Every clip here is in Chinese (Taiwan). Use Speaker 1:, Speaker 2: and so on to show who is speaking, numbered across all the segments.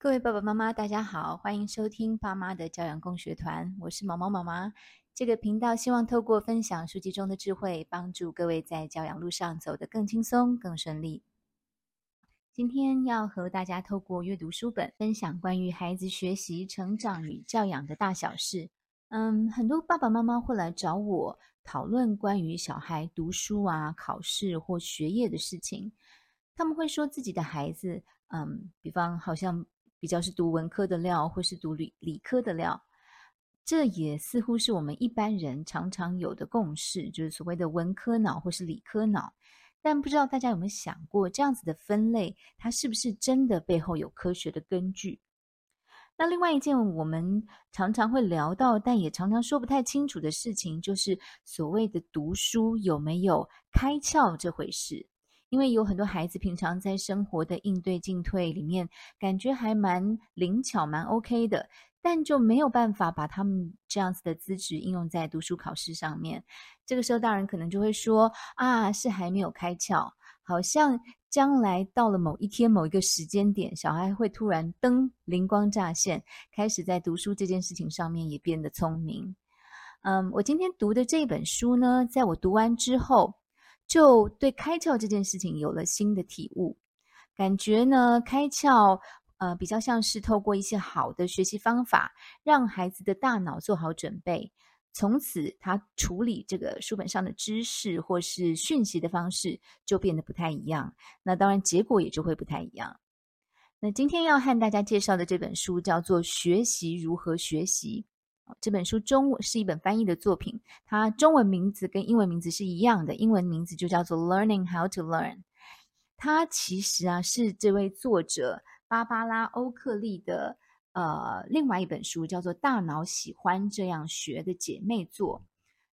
Speaker 1: 各位爸爸媽媽，大家好，歡迎收聽《爸媽的教養共學團》，我是毛毛媽媽。這個頻道希望透過分享書籍中的智慧，幫助各位在教養路上走得更輕鬆、更順利。今天要和大家透過閱讀書本，分享關於孩子學習、成長與教養的大小事。嗯，很多爸爸媽媽會來找我討論關於小孩讀書啊、考試或學業的事情。他們會說自己的孩子，嗯，比方好像……比較是讀文科的料，或是讀理理科的料，這也似乎是我們一般人常常有的共識，就是所謂的文科腦或是理科腦。但不知道大家有沒有想過，這樣子的分類，它是不是真的背後有科學的根據？那另外一件我們常常會聊到，但也常常說不太清楚的事情，就是所謂的讀書有沒有開竅這回事。因為有很多孩子平常在生活的應對進退裡面，感覺還蠻靈巧、蠻 OK 的，但就沒有辦法把他們這樣子的資質應用在讀書考試上面。這個時候，大人可能就會說：“啊，是還沒有開竅，好像將來到了某一天、某一個時間點，小孩會突然燈靈光乍現，開始在讀書這件事情上面也變得聰明。”嗯，我今天讀的這本書呢，在我讀完之後，就對開竅這件事情有了新的體悟，感覺呢，開竅呃比較像是透過一些好的學習方法，讓孩子的大腦做好準備，從此他處理這個書本上的知識或是訊息的方式就變得不太一樣，那當然結果也就會不太一樣。那今天要和大家介紹的這本書叫做《學習如何學習》。這本書中是一本翻譯的作品，它中文名字跟英文名字是一樣的，英文名字就叫做《Learning How to Learn》。它其實啊是這位作者芭芭拉·歐克利的呃另外一本書，叫做《大腦喜歡這樣學》的姐妹作。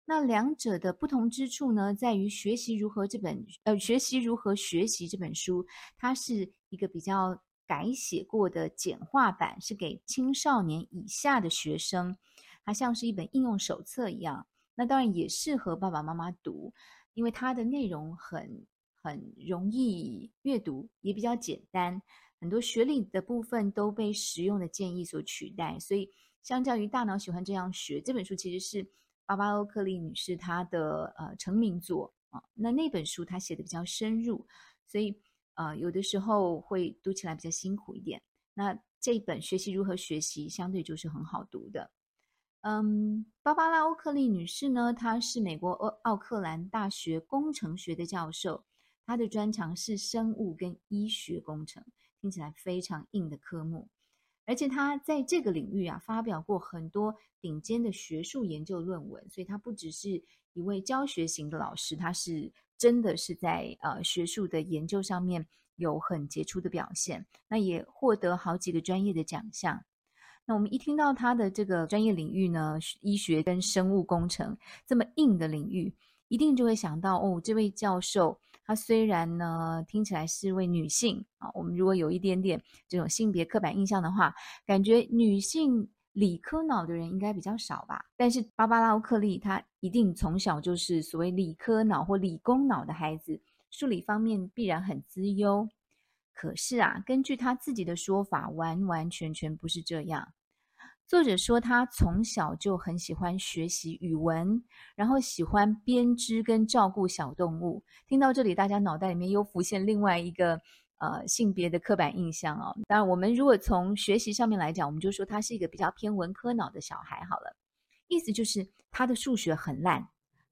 Speaker 1: 那兩者的不同之處呢，在於《學習如何》這本呃《學習如何學習》這本書，它是一個比較改寫過的簡化版，是給青少年以下的學生。它像是一本應用手冊一樣，那當然也適合爸爸媽媽讀，因為它的內容很很容易閱讀，也比較簡單，很多學理的部分都被實用的建議所取代。所以，相較於《大腦喜歡這樣學》這本書，其實是巴巴歐克利女士她的呃成名作啊。那那本書她寫的比較深入，所以呃有的時候會讀起來比較辛苦一點。那這本《學習如何學習》相對就是很好讀的。嗯，芭芭拉·歐克利女士呢，她是美國奧奧克蘭大學工程學的教授，她的專長是生物跟醫學工程，聽起來非常硬的科目，而且她在這個領域啊發表過很多頂尖的學術研究論文，所以她不只是一位教學型的老師，她是真的是在呃學術的研究上面有很傑出的表現，那也獲得好幾個專業的獎項。那我們一聽到他的這個專業領域呢，醫學跟生物工程這麼硬的領域，一定就會想到哦，這位教授她雖然呢聽起來是位女性啊，我們如果有一點點這種性別刻板印象的話，感覺女性理科腦的人應該比較少吧？但是芭芭拉奧克利她一定從小就是所謂理科腦或理工腦的孩子，數理方面必然很資優。可是啊，根據他自己的說法，完完全全不是這樣。作者說他從小就很喜歡學習語文，然後喜歡編織跟照顧小動物。聽到這裡，大家腦袋裡面又浮現另外一個呃性別的刻板印象哦。當然，我們如果從學習上面來講，我們就說他是一個比較偏文科腦的小孩好了，意思就是他的數學很爛。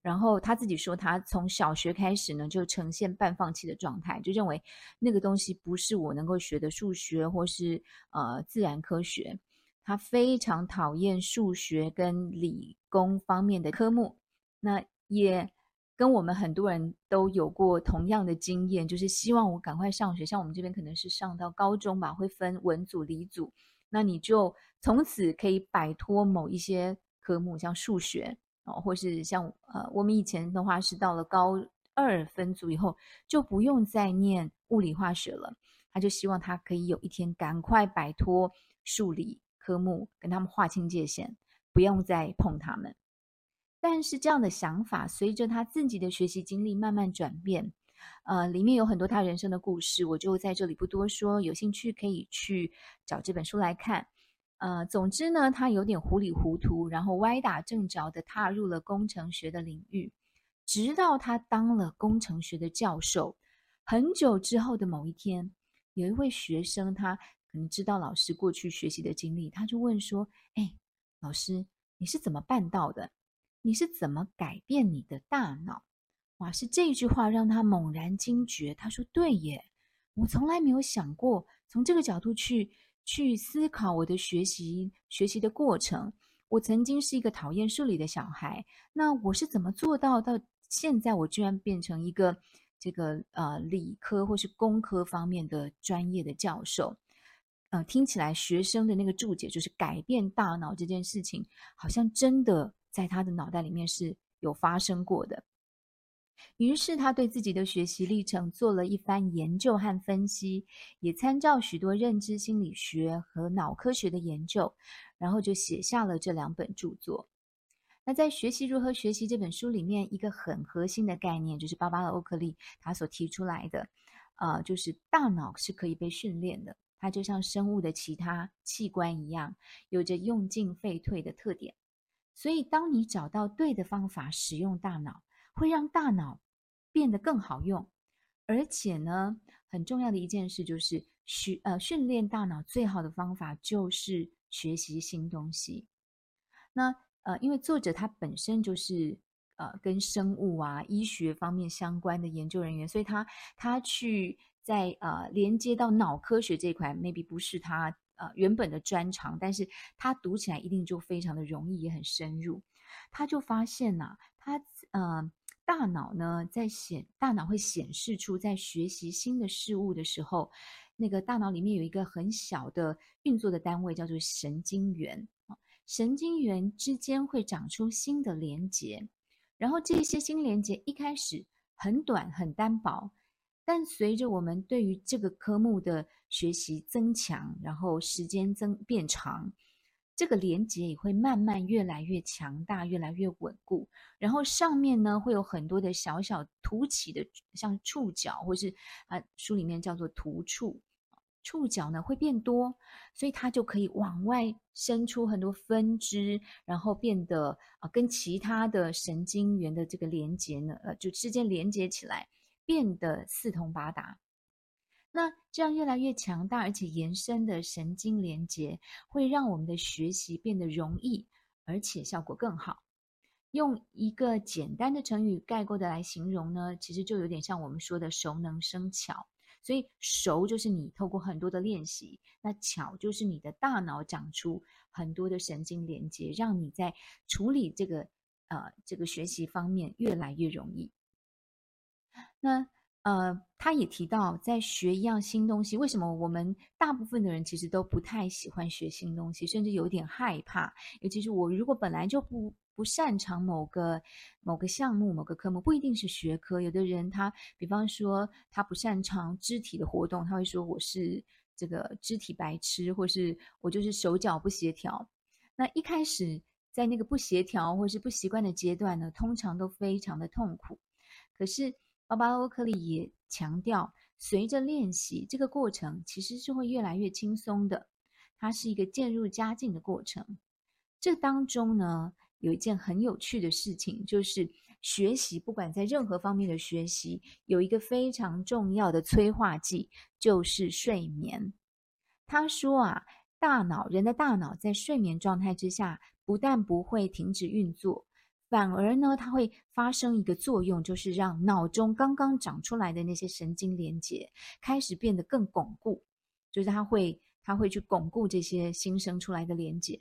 Speaker 1: 然後他自己說，他從小學開始呢，就呈現半放棄的狀態，就認為那個東西不是我能夠學的數學，或是呃自然科學。他非常討厭數學跟理工方面的科目。那也跟我們很多人都有過同樣的經驗，就是希望我趕快上學。像我們這邊可能是上到高中吧，會分文組、理組，那你就從此可以擺脫某一些科目，像數學。哦，或是像呃，我們以前的話是到了高二分組以後，就不用再念物理化學了。他就希望他可以有一天趕快擺脫數理科目，跟他們劃清界限，不用再碰他們。但是這樣的想法隨着他自己的學習經歷慢慢轉變，呃，裡面有很多他人生的故事，我就在這裡不多說，有興趣可以去找這本書來看。呃，總之呢，他有點糊裡糊塗，然後歪打正着地踏入了工程學的領域，直到他當了工程學的教授。很久之後的某一天，有一位學生，他可能知道老師過去學習的經歷，他就問說：“哎，老師，你是怎麼辦到的？你是怎麼改變你的大腦？”哇，是這一句話讓他猛然驚覺。他說：“對耶，我從來沒有想過從這個角度去。”去思考我的學習學習的過程。我曾經是一個討厭數理的小孩，那我是怎麼做到？到現在我居然變成一個這個呃，理科或是工科方面的專業的教授，呃，聽起來學生的那個注解就是改變大腦這件事情，好像真的在他的腦袋裡面是有發生過的。於是，他對自己的學習歷程做了一番研究和分析，也參照許多認知心理學和腦科學的研究，然後就寫下了這兩本著作。那在《學習如何學習》這本書裡面，一個很核心的概念就是巴巴拉·歐克利他所提出來的，呃，就是大腦是可以被訓練的，它就像生物的其他器官一樣，有着用進廢退的特點。所以，當你找到對的方法使用大腦，會讓大腦變得更好用，而且呢，很重要的一件事就是訓呃訓練大腦最好的方法就是學習新東西。那呃，因為作者他本身就是呃跟生物啊醫學方面相關的研究人員，所以他他去在呃連接到腦科學這一塊，maybe 不是他呃原本的專長，但是他讀起來一定就非常的容易，也很深入。他就發現吶、啊，他嗯。呃大腦呢，在顯，大腦會顯示出，在學習新的事物的時候，那個大腦裡面有一個很小的運作的單位，叫做神經元。神經元之間會長出新的連接，然後這些新連接一開始很短很單薄，但隨着我們對於這個科目的學習增強，然後時間增變長。這個連接也會慢慢越來越強大，越來越穩固。然後上面呢，會有很多的小小突起的，像觸角，或是啊、呃，書裡面叫做突觸，觸角呢會變多，所以它就可以往外伸出很多分支，然後變得啊、呃，跟其他的神經元的這個連接呢，呃，就之間連接起來，變得四通八達。那這樣越來越強大，而且延伸的神經連接，會讓我們的學習變得容易，而且效果更好。用一個簡單的成語概括的來形容呢，其實就有點像我們說的“熟能生巧”。所以，熟就是你透過很多的練習，那巧就是你的大腦長出很多的神經連接，讓你在處理這個呃這個學習方面越來越容易。那。呃，他也提到，在學一樣新東西，為什麼我們大部分的人其實都不太喜歡學新東西，甚至有點害怕？尤其是我如果本來就不不擅長某個某個項目、某個科目，不一定是學科。有的人他，比方說他不擅長肢體的活動，他會說我是這個肢體白痴，或是我就是手腳不協調。那一開始在那個不協調或是不習慣的階段呢，通常都非常的痛苦。可是。芭芭拉歐克莉也強調，隨着練習這個過程，其實是會越來越輕鬆的。它是一個漸入佳境的過程。這當中呢，有一件很有趣的事情，就是學習，不管在任何方面的學習，有一個非常重要的催化劑，就是睡眠。他說啊，大腦，人的大腦在睡眠狀態之下，不但不會停止運作。反而呢，它會發生一個作用，就是讓腦中剛剛長出來的那些神經連接開始變得更鞏固，就是它會它會去鞏固這些新生出來的連接。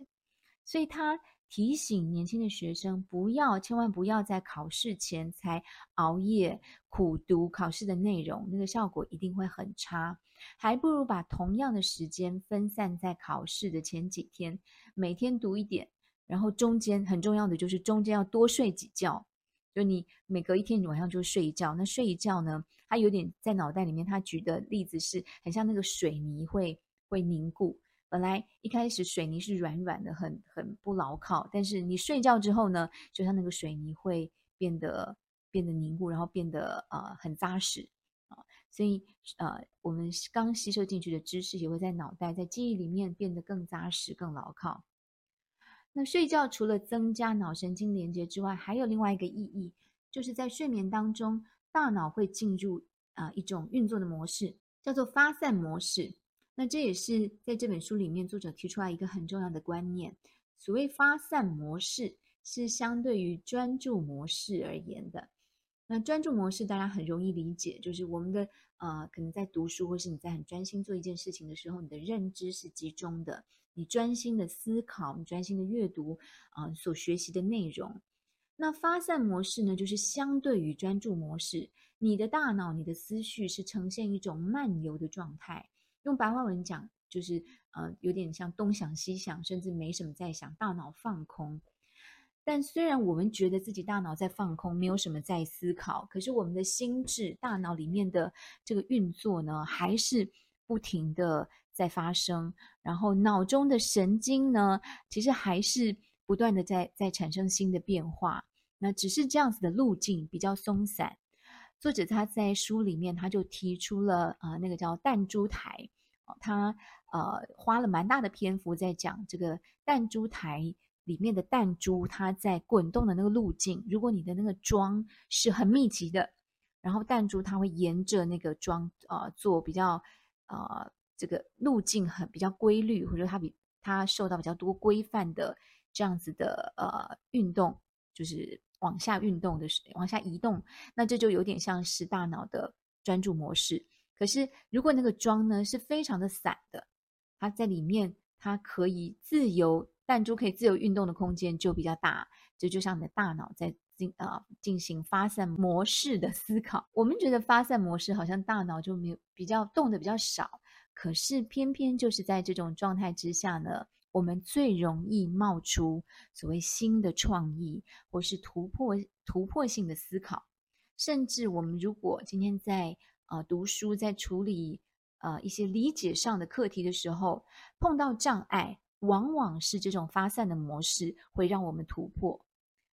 Speaker 1: 所以，他提醒年輕的學生，不要，千萬不要在考試前才熬夜苦讀考試的內容，那個效果一定會很差。還不如把同樣的時間分散在考試的前幾天，每天讀一點。然後中間很重要的就是中間要多睡幾覺，就你每隔一天你晚上就睡一覺。那睡一覺呢，他有點在腦袋裡面，他舉的例子是很像那個水泥會會凝固。本來一開始水泥是軟軟的，很很不牢靠，但是你睡覺之後呢，就像那個水泥會變得變得凝固，然後變得呃很扎實啊。所以呃，我們剛吸收進去的知識也會在腦袋在記憶裡面變得更扎實、更牢靠。那睡覺除了增加腦神經連接之外，還有另外一個意義，就是在睡眠當中，大腦會進入啊、呃、一種運作的模式，叫做發散模式。那這也是在這本書裡面，作者提出來一個很重要的觀念。所謂發散模式，是相對於專注模式而言的。那專注模式當然很容易理解，就是我們的呃，可能在讀書或是你在很專心做一件事情的時候，你的認知是集中的。你專心的思考，你專心的閱讀，啊、呃，所學習的內容。那發散模式呢，就是相對於專注模式，你的大腦、你的思緒是呈現一種漫遊的狀態。用白話文講，就是嗯、呃，有點像東想西想，甚至沒什麼在想，大腦放空。但雖然我們覺得自己大腦在放空，沒有什麼在思考，可是我們的心智、大腦裡面的這個運作呢，還是不停地。在發生，然後腦中的神經呢，其實還是不斷的在在產生新的變化。那只是這樣子的路徑比較鬆散。作者他在書裡面他就提出了啊、呃，那個叫彈珠台，哦、他呃花了蠻大的篇幅在講這個彈珠台裡面的彈珠，它在滾動的那個路徑。如果你的那個樁是很密集的，然後彈珠它會沿着那個樁啊、呃、做比較啊。呃這個路徑很比較規律，或者它比它受到比較多規範的這樣子的呃運動，就是往下運動的往下移動，那這就有點像是大腦的專注模式。可是如果那個樁呢是非常的散的，它在裡面它可以自由彈珠可以自由運動的空間就比較大，就就像你的大腦在進啊、呃、進行發散模式的思考。我們覺得發散模式好像大腦就沒有比較動得，比較少。可是，偏偏就是在這種狀態之下呢，我們最容易冒出所謂新的創意，或是突破突破性的思考。甚至我們如果今天在啊、呃、讀書，在處理呃一些理解上的課題的時候，碰到障礙，往往是這種發散的模式會讓我們突破。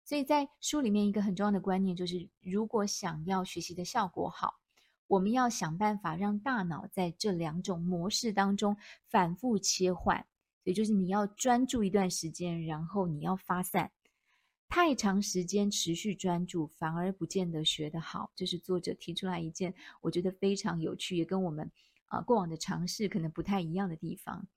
Speaker 1: 所以在書裡面一個很重要的觀念就是，如果想要學習的效果好，我們要想辦法讓大腦在這兩種模式當中反覆切換，也就是你要專注一段時間，然後你要發散。太長時間持續專注反而不見得學得好，這是作者提出來一件我覺得非常有趣，也跟我們啊過往的嘗試可能不太一樣的地方。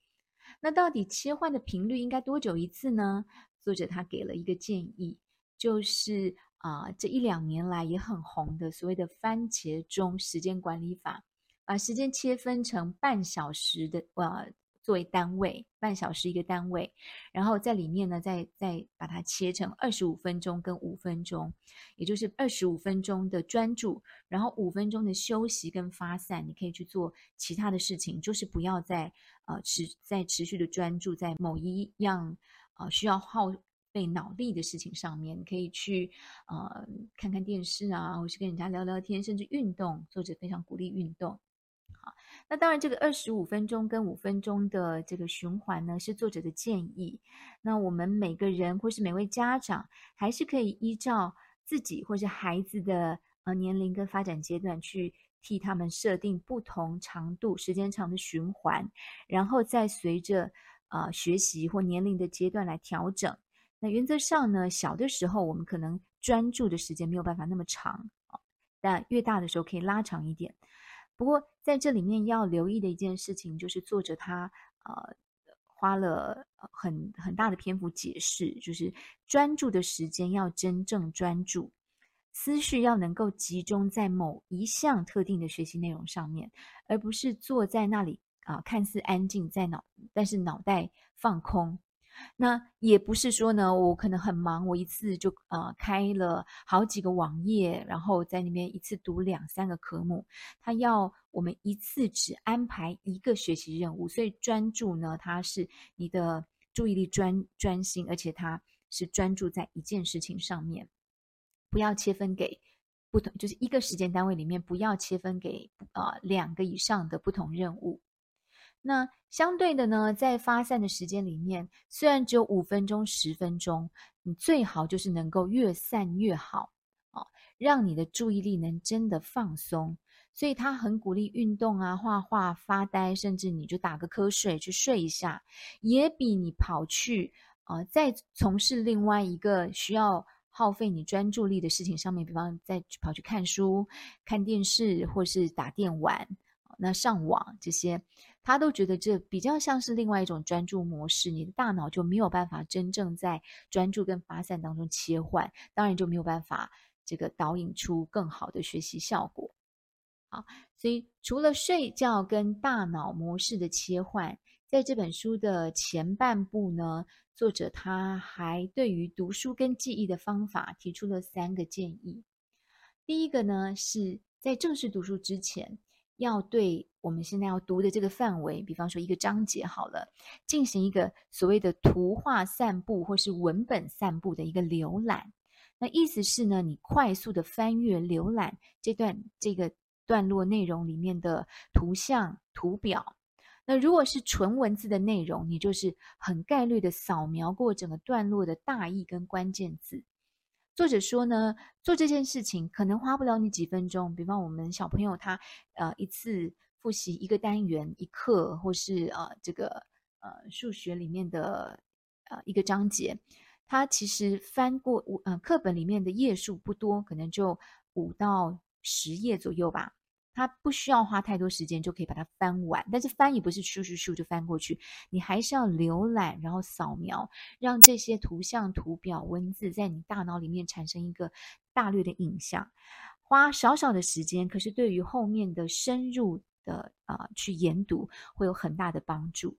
Speaker 1: 那到底切換的頻率應該多久一次呢？作者他給了一個建議，就是。啊、呃，這一兩年來也很紅的所謂的番茄鐘時間管理法，把時間切分成半小時的呃作為單位，半小時一個單位，然後在裡面呢，再再把它切成二十五分鐘跟五分鐘，也就是二十五分鐘的專注，然後五分鐘的休息跟發散，你可以去做其他的事情，就是不要再呃持在持續的專注在某一樣啊、呃、需要耗。費腦力的事情上面，你可以去呃看看電視啊，或是跟人家聊聊天，甚至運動。作者非常鼓勵運動。好，那當然，這個二十五分鐘跟五分鐘的這個循環呢，是作者的建議。那我們每個人或是每位家長，還是可以依照自己或是孩子的呃年齡跟發展階段，去替他們設定不同長度、時間長的循環，然後再隨着呃學習或年齡的階段來調整。那原則上呢，小的時候我們可能專注的時間沒有辦法那麼長啊，但越大的時候可以拉長一點。不過在這裡面要留意的一件事情，就是作者他呃花了很很大的篇幅解釋，就是專注的時間要真正專注，思緒要能夠集中在某一項特定的學習內容上面，而不是坐在那裡啊，呃，看似安靜，在腦但是腦袋放空。那也不是說呢，我可能很忙，我一次就呃開了好幾個網頁，然後在那邊一次讀兩三個科目。他要我們一次只安排一個學習任務，所以專注呢，它是你的注意力專專心，而且它是專注在一件事情上面，不要切分給不同，就是一個時間單位裡面不要切分給呃兩個以上的不同任務。那相對的呢，在發散的時間裡面，雖然只有五分鐘、十分鐘，你最好就是能夠越散越好，哦，讓你的注意力能真的放鬆。所以他很鼓勵運動啊、畫畫、發呆，甚至你就打個瞌睡去睡一下，也比你跑去啊，再、呃、從事另外一個需要耗費你專注力的事情上面，比方再跑去看書、看電視或是打電玩。那上網這些，他都覺得這比較像是另外一種專注模式，你的大腦就沒有辦法真正在專注跟發散當中切換，當然就沒有辦法這個導引出更好的學習效果。好，所以除了睡覺跟大腦模式的切換，在這本書的前半部呢，作者他還對於讀書跟記憶的方法提出了三個建議。第一個呢是在正式讀書之前。要對我們現在要讀的這個範圍，比方說一個章節好了，進行一個所謂的圖畫散步或是文本散步的一個瀏覽。那意思是呢，你快速的翻閱、瀏覽這段這個段落內容裡面的圖像、圖表。那如果是純文字的內容，你就是很概略的掃描過整個段落的大意跟關鍵字。作者說呢，做這件事情可能花不了你幾分鐘。比方，我們小朋友他，呃，一次複習一個單元、一課，或是呃，這個，呃，數學裡面的呃，一個章節，他其實翻過五，呃，課本裡面的頁數不多，可能就五到十頁左右吧。它不需要花太多時間就可以把它翻完，但是翻也不是咻咻咻就翻過去，你還是要瀏覽，然後掃描，讓這些圖像、圖表、文字在你大腦裡面產生一個大略的印象。花少少的時間，可是對於後面的深入的啊、呃、去研讀會有很大的幫助。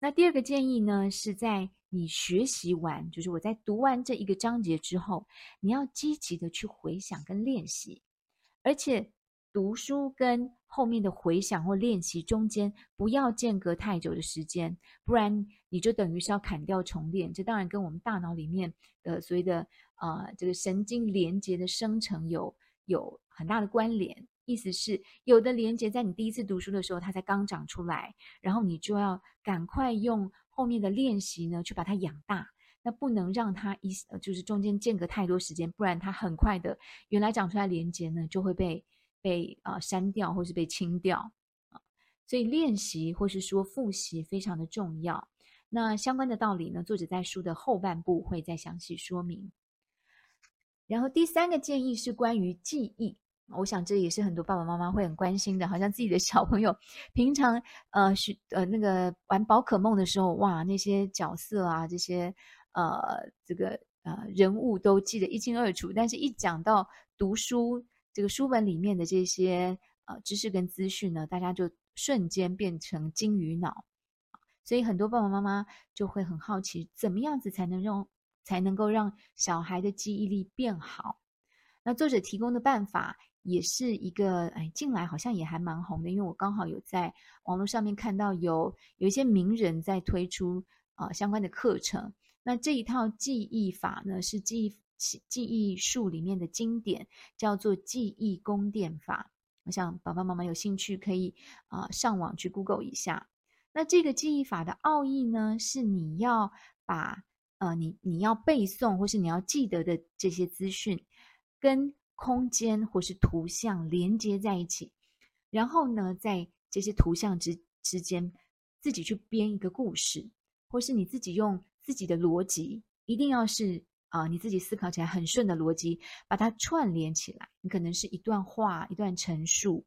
Speaker 1: 那第二個建議呢，是在你學習完，就是我在讀完這一個章節之後，你要積極的去回想跟練習，而且。讀書跟後面的回想或練習中間不要間隔太久的時間，不然你就等於是要砍掉重練。這當然跟我們大腦裡面的所謂的呃這個神經連接的生成有有很大的關聯。意思是，有的連接在你第一次讀書的時候它才剛長出來，然後你就要趕快用後面的練習呢去把它養大。那不能讓它一就是中間間隔太多時間，不然它很快的原來長出來連接呢就會被。被啊刪掉或是被清掉啊，所以練習或是說複習非常的重要。那相關的道理呢，作者在書的後半部會再詳細說明。然後第三個建議是關於記憶，我想這也是很多爸爸媽媽會很關心的。好像自己的小朋友平常呃是呃那個玩寶可夢的時候，哇，那些角色啊，這些呃這個呃人物都記得一清二楚，但是一講到讀書。這個書本裡面的這些呃知識跟資訊呢，大家就瞬間變成金魚腦，所以很多爸爸媽媽就會很好奇，怎麼樣子才能讓才能夠讓小孩的記憶力變好？那作者提供的辦法也是一個，哎，近來好像也還蠻紅的，因為我剛好有在網絡上面看到有有一些名人在推出啊，呃，相關的課程。那這一套記憶法呢，是記憶記憶術裡面的經典叫做記憶宮殿法。我想爸爸媽媽有興趣可以啊、呃、上網去 Google 一下。那這個記憶法的奧義呢，是你要把呃你你要背誦或是你要記得的這些資訊，跟空間或是圖像連接在一起，然後呢，在這些圖像之之間自己去編一個故事，或是你自己用自己的邏輯，一定要是。啊、呃，你自己思考起來很順的邏輯，把它串聯起來。你可能是一段話、一段陳述，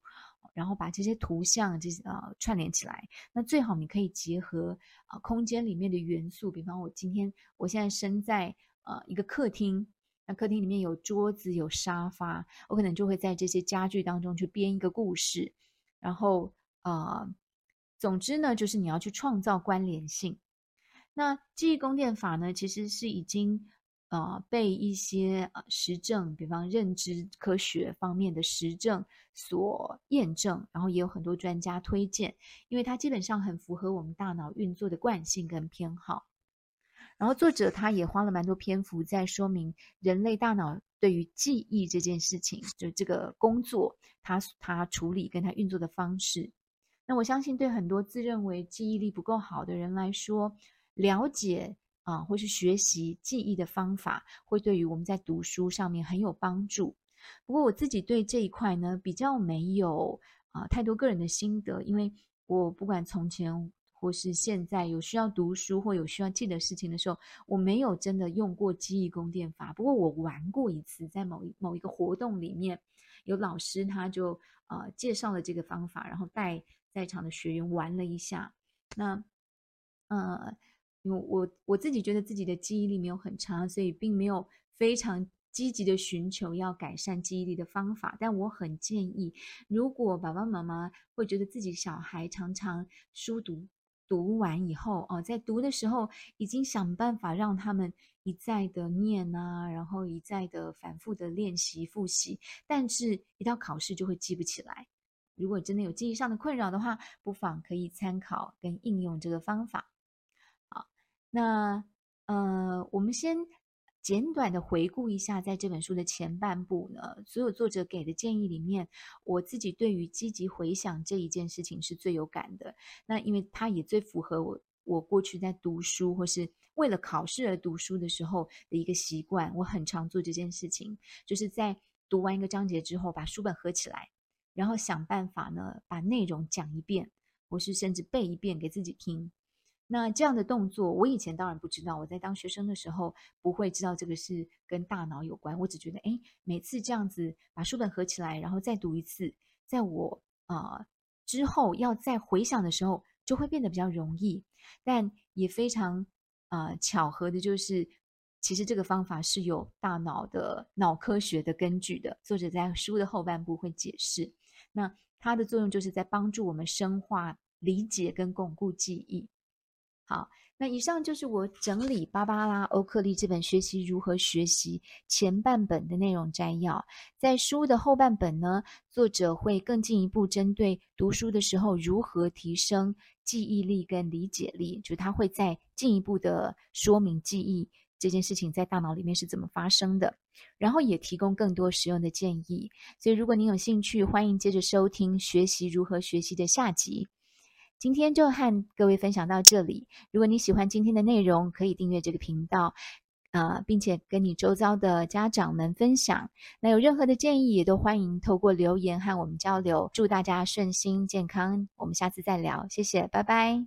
Speaker 1: 然後把這些圖像，這些呃串聯起來。那最好你可以結合啊、呃，空間裡面的元素。比方，我今天我現在身在呃一個客廳，那客廳裡面有桌子、有沙發，我可能就會在這些家具當中去編一個故事。然後呃總之呢，就是你要去創造關聯性。那記憶宮殿法呢，其實是已經。啊，呃，被一些呃實證，比方認知科學方面的實證所驗證，然後也有很多專家推薦，因為它基本上很符合我們大腦運作的慣性跟偏好。然後作者他也花了蠻多篇幅在說明人類大腦對於記憶這件事情，就這個工作，他他處理跟他運作的方式。那我相信，對很多自認為記憶力不夠好的人來說，了解。啊、呃，或是學習記憶的方法，會對於我們在讀書上面很有幫助。不過我自己對這一塊呢，比較沒有啊、呃、太多個人的心得，因為我不管從前或是現在有需要讀書或有需要記的事情的時候，我沒有真的用過記憶宮殿法。不過我玩過一次，在某一某一個活動裡面有老師他就啊、呃、介紹了這個方法，然後帶在場的學員玩了一下。那呃。因為我我自己覺得自己的記憶力沒有很差，所以並沒有非常積極的尋求要改善記憶力的方法。但我很建議，如果爸爸媽媽會覺得自己小孩常常書讀讀完以後哦，在讀的時候已經想辦法讓他們一再的念啊，然後一再的反覆的練習複習，但是一到考試就會記不起來。如果真的有記憶上的困擾的話，不妨可以參考跟應用這個方法。那呃，我們先簡短的回顧一下，在這本書的前半部呢，所有作者給的建議裡面，我自己對於積極回想這一件事情是最有感的。那因為它也最符合我我過去在讀書或是為了考試而讀書的時候的一個習慣，我很常做這件事情，就是在讀完一個章節之後，把書本合起來，然後想辦法呢把內容講一遍，或是甚至背一遍給自己聽。那這樣的動作，我以前當然不知道。我在當學生的時候不會知道這個是跟大腦有關。我只覺得，哎，每次這樣子把書本合起來，然後再讀一次，在我啊、呃、之後要再回想的時候，就會變得比較容易。但也非常啊、呃、巧合的就是，其實這個方法是有大腦的腦科學的根據的。作者在書的後半部會解釋，那它的作用就是在幫助我們深化理解跟鞏固記憶。好，那以上就是我整理芭芭拉·歐克利這本《學習如何學習》前半本的內容摘要。在書的後半本呢，作者會更進一步針對讀書的時候如何提升記憶力跟理解力，就是、他會再進一步的說明記憶這件事情在大腦裡面是怎麼發生的，然後也提供更多實用的建議。所以，如果您有興趣，歡迎接着收聽《學習如何學習》的下集。今天就和各位分享到這裡。如果你喜歡今天的內容，可以訂閱這個頻道，呃，並且跟你周遭的家長們分享。那有任何的建議，也都歡迎透過留言和我們交流。祝大家順心健康，我們下次再聊，謝謝，拜拜。